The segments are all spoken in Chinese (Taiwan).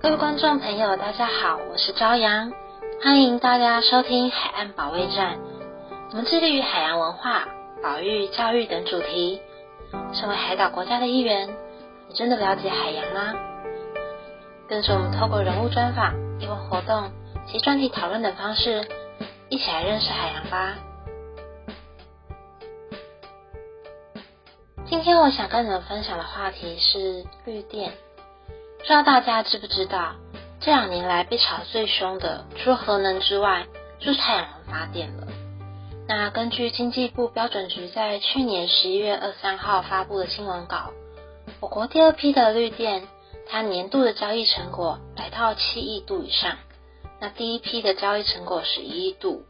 各位觀眾朋友，大家好，我是朝陽，歡迎大家收聽《海岸保衛戰》。我們致力於海洋文化、保育、教育等主題。身為海島國家的一員，你真的了解海洋嗎？跟着我們，透過人物專訪、藝文活動及專題討論等方式，一起來認識海洋吧。今天我想跟你們分享的話題是綠電。不知道大家知不知道，這兩年來被炒最兇的，除了核能之外，就是太陽能發電了。那根據經濟部標準局在去年十一月二三號發佈的新聞稿，我國第二批的綠電，它年度的交易成果來到七億度以上。那第一批的交易成果是一億度，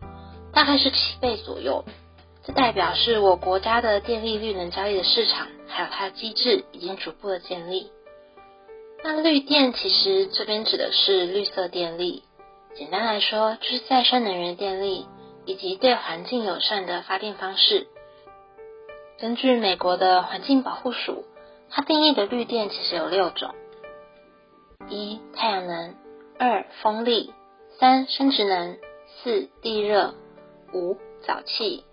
大概是七倍左右。這代表是我國家的電力綠能交易的市場，還有它的機制，已經逐步的建立。那綠電其實這邊指的是綠色電力，簡單來說就是再生能源電力以及對環境友善的發電方式。根據美國的環境保護署，它定義的綠電其實有六種：一、太陽能；二、風力；三、生質能；四、地熱；五、沼氣；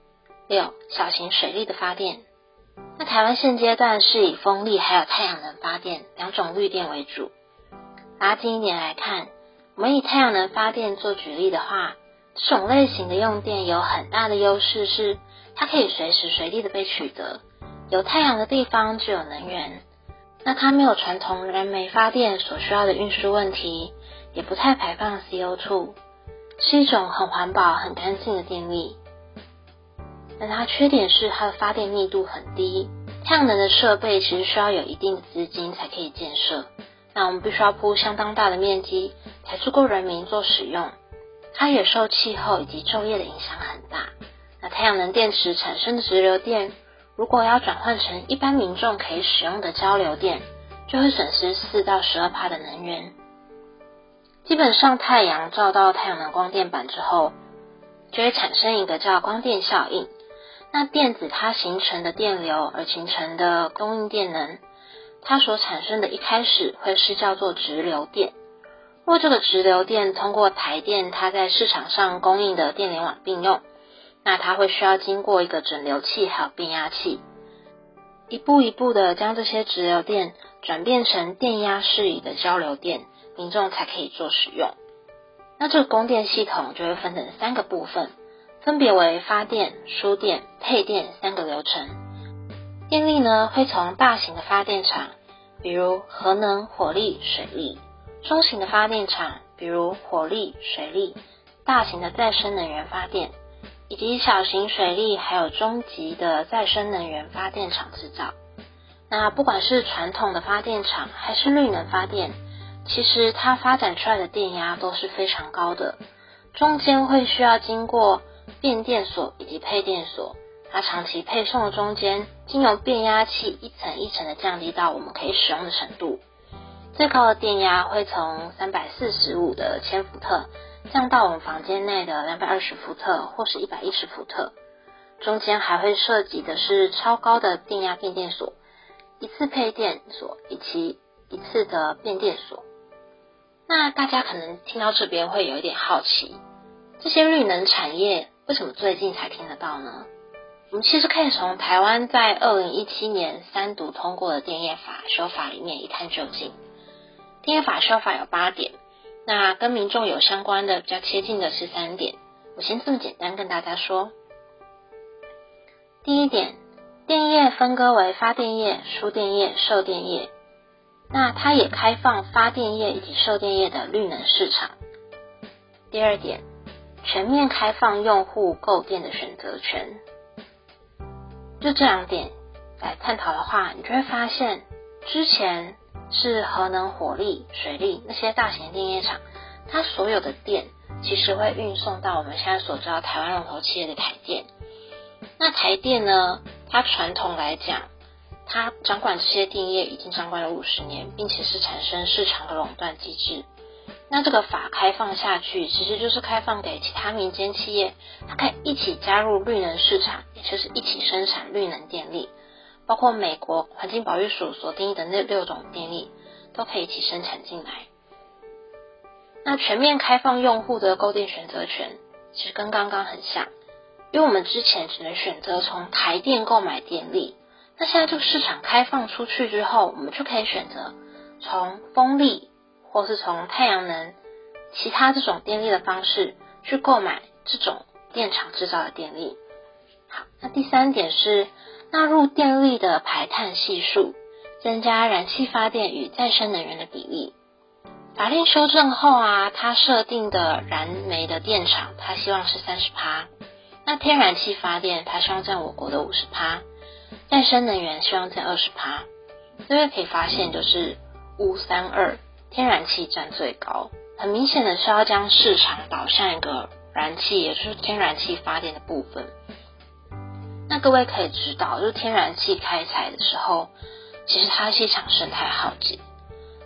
六、小型水力的發電。那台灣現階段是以風力還有太陽能發電兩種綠電為主。拉近一點來看，我們以太陽能發電做舉例的話，這種類型的用電有很大的優勢是，它可以隨時隨地的被取得，有太陽的地方就有能源。那它沒有傳統燃煤發電所需要的運輸問題，也不太排放 CO2，是一種很環保、很乾淨的電力。但它缺點是它的發電密度很低，太陽能的設備其實需要有一定資金才可以建設，那我們必須要鋪相當大的面積才足夠人民做使用，它也受氣候以及晝夜的影響很大。那太陽能電池產生的直流電，如果要轉換成一般民眾可以使用的交流電，就會損失四到十二趴的能源。基本上，太陽照到太陽能光電板之後，就會產生一個叫光電效應。那電子它形成的電流，而形成的供應電能，它所產生的一開始會是叫做直流電。若這個直流電通過台電它在市場上供應的電聯網並用，那它會需要經過一個整流器還有變壓器，一步一步的將這些直流電轉變成電壓適宜的交流電，民眾才可以做使用。那這個供電系統就會分成三個部分。分別為發電、輸電、配電三個流程。電力呢，會從大型的發電廠，比如核能、火力、水力；中型的發電廠，比如火力、水力；大型的再生能源發電，以及小型水力，還有中級的再生能源發電廠制造。那不管是傳統的發電廠，還是綠能發電，其實它發展出來的電壓都是非常高的，中間會需要經過。變電所以及配電所，它長期配送的中間，經由變壓器一層一層的降低到我們可以使用的程度。最高的電壓會從三百四十五的千伏特降到我們房間內的兩百二十伏特或是一百一十伏特。中間還會涉及的是超高的電壓變電所、一次配電所以及一次的變電所。那大家可能聽到這邊會有一點好奇，這些綠能產業。為什麼最近才聽得到呢？我們其實可以從台灣在二零一七年三讀通過的電業法修法裡面一探究竟。電業法修法有八點，那跟民眾有相關的比較接近的是三點。我先這麼簡單跟大家說。第一點，電業分割為發電業、輸電業、售電業，那它也開放發電業以及售電業的綠能市場。第二點，全面開放用戶購電的選擇權。就這兩點來探討的話，你就會發現，之前是核能、火力、水力那些大型的電業廠，它所有的電其實會運送到我們現在所知道台灣龍頭企業的台電。那台電呢？它傳統來講，它掌管這些電業已經掌管了五十年，並且是產生市場的壟斷機制。那這個法開放下去，其實就是開放給其他民間企業，它可以一起加入綠能市場，也就是一起生產綠能電力，包括美國環境保育署所定義的那六,六種電力，都可以一起生產進來。那全面開放用戶的購電選擇權，其實跟剛剛很像，因為我們之前只能選擇從台電購買電力，那現在這個市場開放出去之後，我們就可以選擇從風力。或是從太陽能、其他這種電力的方式去購買這種電廠製造的電力。好，那第三點是納入電力的排碳係數，增加燃氣發電與再生能源的比例。法令修正後啊，它設定的燃煤的電廠，它希望是三十趴；那天然氣發電，它希望在我國的五十趴；再生能源希望在二十趴。因為可以發現，就是五三二。天然氣占最高，很明顯的是要將市場導向一個燃氣，也就是天然氣發電的部分。那各位可以知道，就天然氣開採的時候，其實它是一場生態浩劫。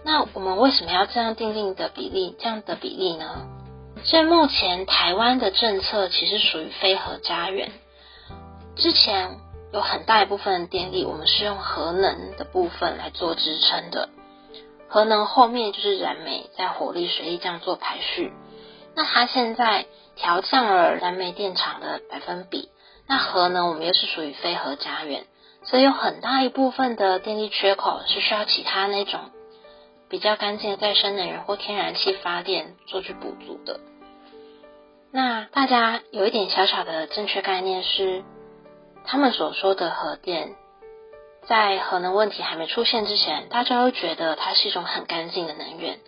那我們為什麼要這樣訂定的比例，這樣的比例呢？所以目前台灣的政策其實屬於非核家園。之前有很大一部分的電力，我們是用核能的部分來做支撐的。核能後面就是燃煤，在火力、水力這樣做排序。那它現在調降了燃煤電廠的百分比，那核能我們又是屬於非核家園，所以有很大一部分的電力缺口是需要其他那種比較乾淨的再生能源或天然氣發電做去補足的。那大家有一點小小的正確概念是，他們所說的核電。在核能問題還沒出現之前，大家都覺得它是一種很乾淨的能源。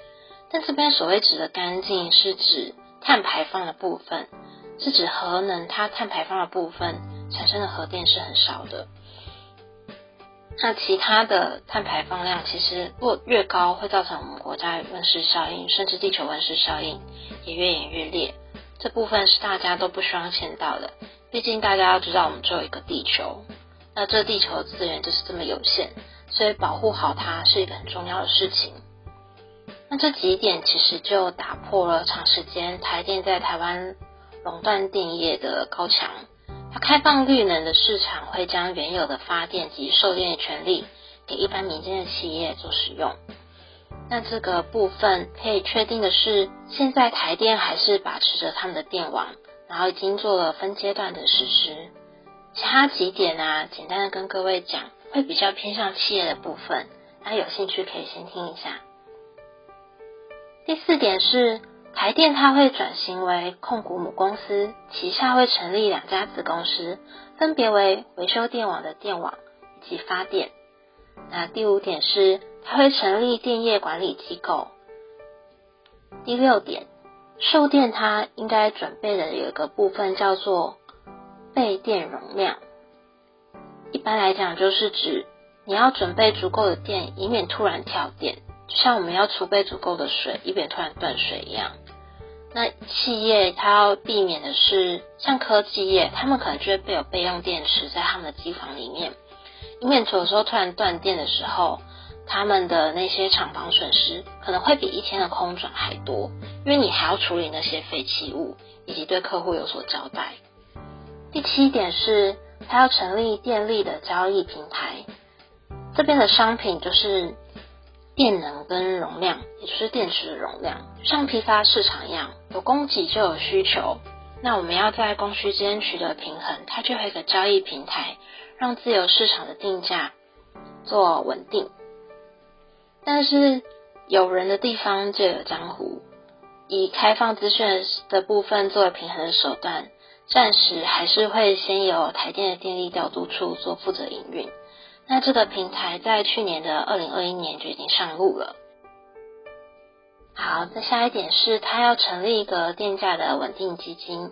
但這邊所謂指的“乾淨”，是指碳排放的部分，是指核能它碳排放的部分產生的核電是很少的。那其他的碳排放量其實若越高，會造成我們國家溫室效應，甚至地球溫室效應也越演越烈。這部分是大家都不希望見到的。畢竟大家要知道，我們只有一個地球。那這地球資源就是這麼有限，所以保護好它是一個很重要的事情。那這幾點其實就打破了長時間台電在台灣壟斷電業的高牆。它開放綠能的市場，會將原有的發電及售電權利給一般民間的企業做使用。那這個部分可以確定的是，現在台電還是把持着他們的電網，然後已經做了分階段的實施。其他幾點啊，簡單的跟各位講，會比較偏向企業的部分，大家有興趣可以先聽一下。第四點是台電它會轉型為控股母公司，旗下會成立兩家子公司，分別為維修電網的電網以及發電。那第五點是它會成立電業管理機構。第六點，售電它應該準備的有一個部分叫做。備電容量，一般來講就是指你要準備足夠的電，以免突然跳電，就像我們要儲備足夠的水，以免突然斷水一樣。那企業它要避免的是，像科技業，他們可能就會備有備用電池在他們的機房裡面，以免有時候突然斷電的時候，他們的那些廠房損失可能會比一天的空轉還多，因為你還要處理那些廢棄物，以及對客戶有所交代。第七點是，它要成立電力的交易平台。這邊的商品就是電能跟容量，也就是電池的容量，像批發市場一樣，有供給就有需求。那我們要在供需間取得平衡，它就會給交易平台，讓自由市場的定價做穩定。但是有人的地方就有江湖，以開放資訊的部分作為平衡的手段。暫時還是會先由台電的電力調度處做負責營運。那這個平台在去年的二零二一年就已經上路了。好，那下一點是，他要成立一個電價的穩定基金，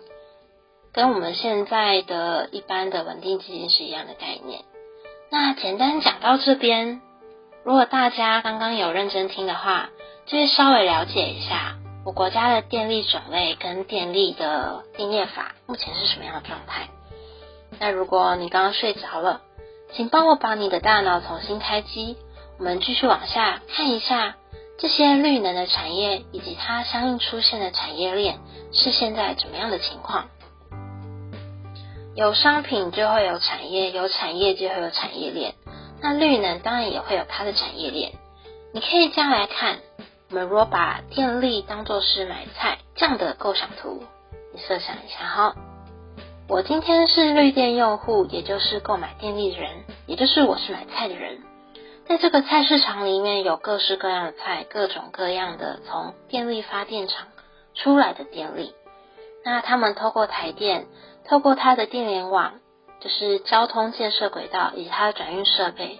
跟我們現在的一般的穩定基金是一樣的概念。那簡單講到這邊，如果大家剛剛有認真聽的話，就會稍微了解一下。國家的電力種類跟電力的電業法目前是什麼樣的狀態？那如果你剛剛睡着了，請幫我把你的大腦重新開機。我們繼續往下看一下這些綠能的產業以及它相應出現的產業鏈是現在怎麼樣的情況？有商品就會有產業，有產業就會有產業鏈。那綠能當然也會有它的產業鏈。你可以這樣來看。我們如果把電力當作是買菜這樣的構想圖，你設想一下哈、哦。我今天是綠電用戶，也就是購買電力的人，也就是我是買菜的人。在這個菜市場裡面有各式各樣的菜，各種各樣的從電力發電廠出來的電力。那他們透過台電，透過它的電聯網，就是交通建設軌道以及它的轉運設備，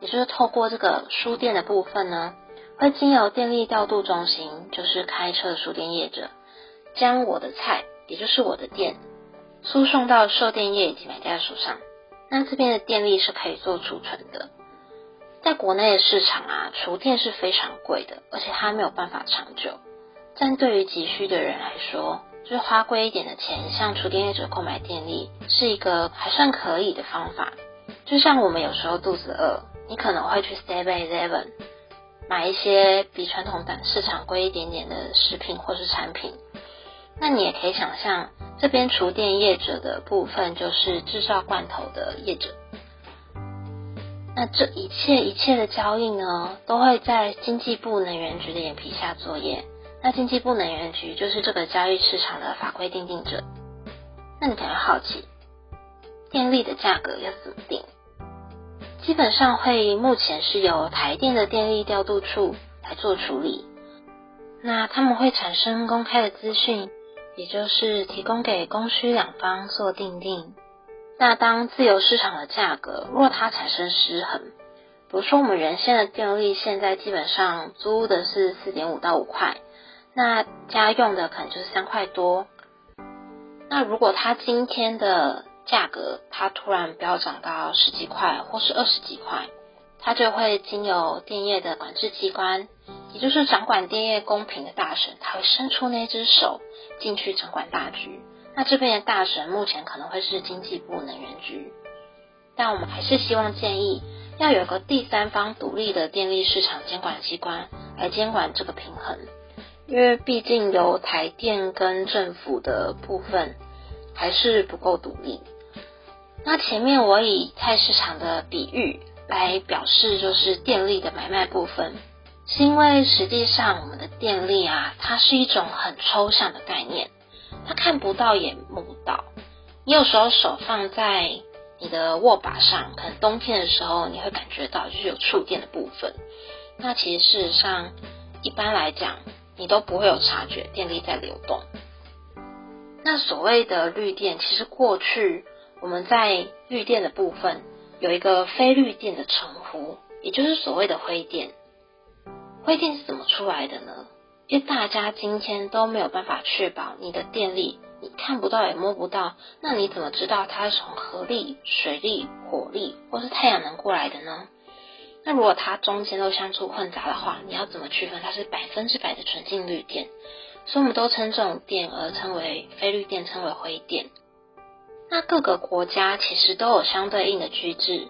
也就是透過這個輸電的部分呢。而經由電力調度中心，就是開車的輸電業者，將我的菜，也就是我的電，輸送到售電業以及買家手上。那這邊的電力是可以做儲存的。在國內的市場啊，儲電是非常貴的，而且它沒有辦法長久。但對於急需的人來說，就是花貴一點的錢，向儲電業者購買電力，是一個還算可以的方法。就像我們有時候肚子餓，你可能會去 Seven Eleven 買一些比傳統版市場貴一點點的食品或是產品，那你也可以想象，這邊儲電業者的部分就是製造罐頭的業者。那這一切一切的交易呢，都會在經濟部能源局的眼皮下作業。那經濟部能源局就是這個交易市場的法規訂定者。那你感到好奇，電力的價格要怎麼定？基本上會目前是由台電的電力調度處來做處理，那他們會產生公開的資訊，也就是提供給供需兩方做訂定。那當自由市場的價格若它產生失衡，比如說我們原先的電力現在基本上租的是四點五到五塊，那家用的可能就是三塊多。那如果它今天的價格它突然飆漲到十幾塊或是二十幾塊，它就會經由電業的管制機關，也就是掌管電業公平的大神，他會伸出那只手進去掌管大局。那這邊的大神目前可能會是經濟部能源局，但我們還是希望建議要有個第三方獨立的電力市場監管機關來監管這個平衡，因為畢竟由台電跟政府的部分還是不夠獨立。那前面我以菜市場的比喻來表示，就是電力的買賣部分，是因為實際上我們的電力啊，它是一種很抽象的概念，它看不到也摸不到。你有時候手放在你的握把上，可能冬天的時候你會感覺到就是有觸電的部分。那其實事實上，一般來講，你都不會有察覺電力在流動。那所謂的綠電，其實過去。我們在綠電的部分有一個非綠電的稱呼，也就是所謂的灰電。灰電是怎麼出來的呢？因為大家今天都沒有辦法確保你的電力，你看不到也摸不到，那你怎麼知道它是從核力、水力、火力或是太陽能過來的呢？那如果它中間都相處混雜的話，你要怎麼區分它是百分之百的純淨綠電？所以我們都稱這種電而稱為非綠電，稱為灰電。那各個國家其實都有相對應的機制。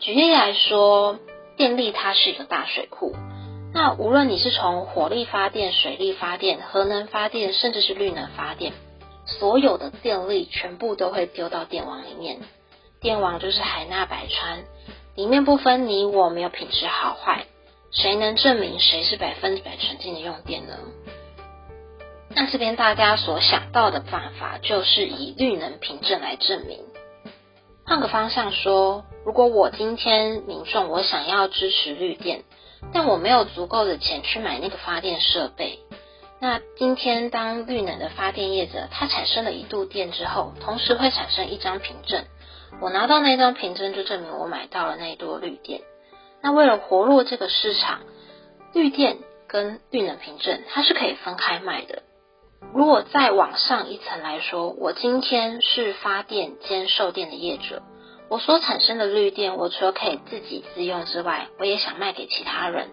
舉例來說，電力它是一個大水庫，那無論你是從火力發電、水力發電、核能發電，甚至是綠能發電，所有的電力全部都會丟到電網裡面。電網就是海納百川，裡面不分你我，沒有品質好壞，誰能證明誰是百分之百純淨的用電呢？那這邊大家所想到的辦法，就是以綠能憑證來證明。換個方向說，如果我今天民眾我想要支持綠電，但我沒有足夠的錢去買那個發電設備。那今天當綠能的發電業者它產生了一度電之後，同時會產生一張憑證。我拿到那張憑證，就證明我買到了那一度綠電。那為了活絡這個市場，綠電跟綠能憑證它是可以分開賣的。如果再往上一層來說，我今天是發電兼售電的業者，我所產生的綠電，我除了可以自己自用之外，我也想賣給其他人。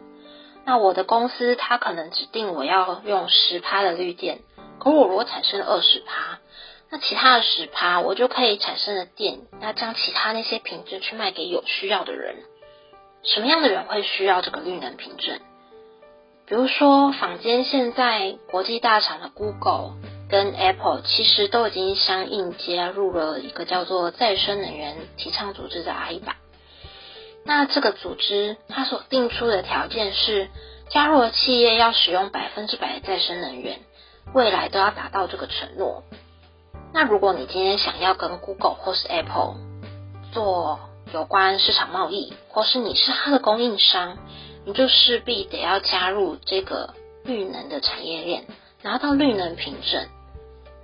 那我的公司它可能指定我要用十趴的綠電，可我如果產生了二十趴，那其他的十趴，我就可以產生的電，那將其他那些憑證去賣給有需要的人。什麼樣的人會需要這個綠能憑證？比如說，坊間現在國際大廠的 Google 跟 Apple，其實都已經相應接入了一個叫做再生能源提倡組織的 i b。那這個組織它所定出的條件是，加入了企業要使用百分之百的再生能源，未來都要達到這個承諾。那如果你今天想要跟 Google 或是 Apple 做有關市場貿易，或是你是它的供應商，你就勢必得要加入這個綠能的產業鏈，拿到綠能憑證。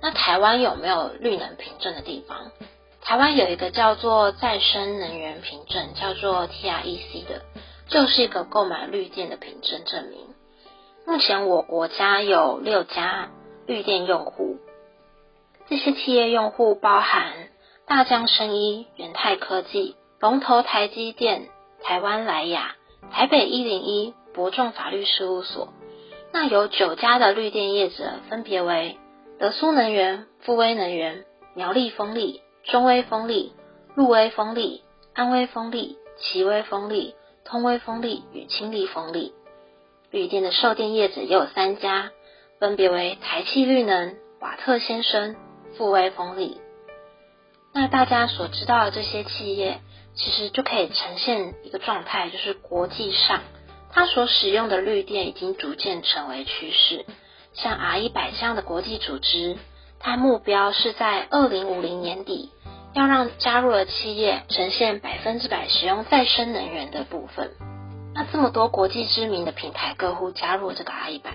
那台灣有沒有綠能憑證的地方？台灣有一個叫做再生能源憑證，叫做 TREC 的，就是一個購買綠電的憑證證明。目前我國家有六家綠電用戶，這些企業用戶包含大江生醫、元泰科技、龍頭台積電、台灣萊雅。台北一零一、博仲法律事務所，那有九家的綠電業者，分別為德蘇能源、富威能源、苗栗風力、中威風力、陸威風力、安威風力、奇威風力、通威風力與清力風力。綠電的售電業者也有三家，分別為台汽綠能、瓦特先生、富威風力。那大家所知道的這些企業。其實就可以呈現一個狀態，就是國際上它所使用的綠電已經逐漸成為趨勢。像 R 一百這樣的國際組織，它目標是在二零五零年底要讓加入的企業呈現百分之百使用再生能源的部分。那這麼多國際知名的品牌客戶加入這個 R 一百，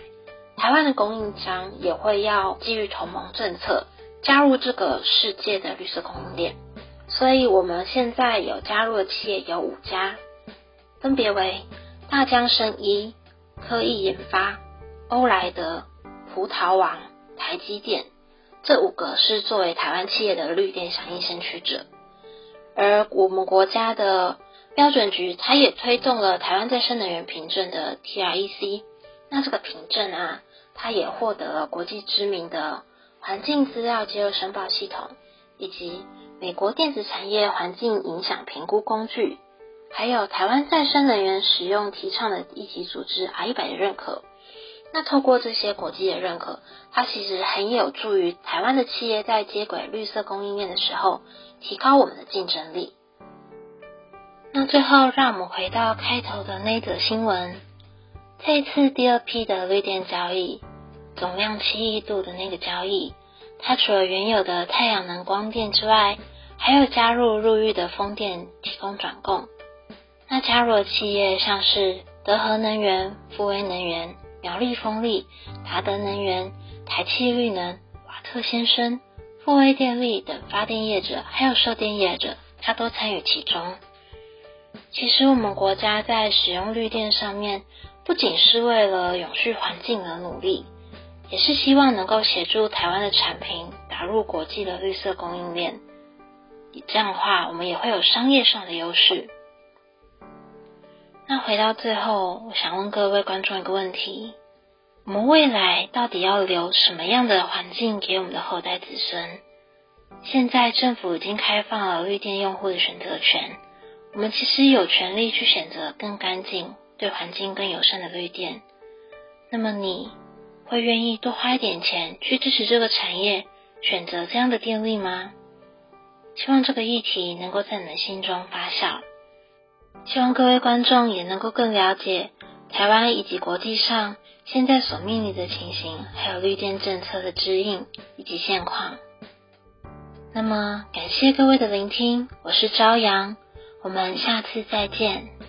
台灣的供應商也會要基於同盟政策加入這個世界的綠色供應鏈。所以我們現在有加入的企業有五家，分別為大江生醫、科毅研發、歐萊德、葡萄王、台積電。這五個是作為台灣企業的綠電響應先驅者。而我們國家的標準局，它也推動了台灣再生能源憑證的 TREC。那這個憑證啊，它也獲得了國際知名的環境資料接受申報系統以及。美國電子產業環境影響評估工具，還有台灣再生能源使用提倡的一級組織 R100 的認可。那透過這些國際的認可，它其實很有助於台灣的企業在接軌綠色供應鏈的時候，提高我們的競爭力。那最後，讓我們回到開頭的那一則新聞，這一次第二批的綠電交易總量七億度的那個交易。它除了原有的太陽能光電之外，還有加入入獄的風電提供轉供。那加入的企業像是德和能源、富威能源、苗栗風力、達德能源、台氣綠能、瓦特先生、富威電力等發電業者，還有售電業者，他都參與其中。其實我們國家在使用綠電上面，不僅是為了永續環境而努力。也是希望能夠協助臺灣的產品打入國際的綠色供應鏈。這樣的話，我們也會有商業上的優勢。那回到最後，我想問各位觀眾一個問題：我們未來到底要留什麼樣的環境給我們的後代子孫？現在政府已經開放了綠電用戶的選擇權，我們其實有權利去選擇更乾淨、對環境更友善的綠電。那麼你？會願意多花一點錢去支持這個產業，選擇這樣的電力嗎？希望這個議題能夠在你們心中發酵。希望各位觀眾也能夠更了解台灣以及國際上現在所面臨的情形，還有綠電政策的指引以及現況。那麼，感謝各位的聆聽，我是朝陽，我們下次再見。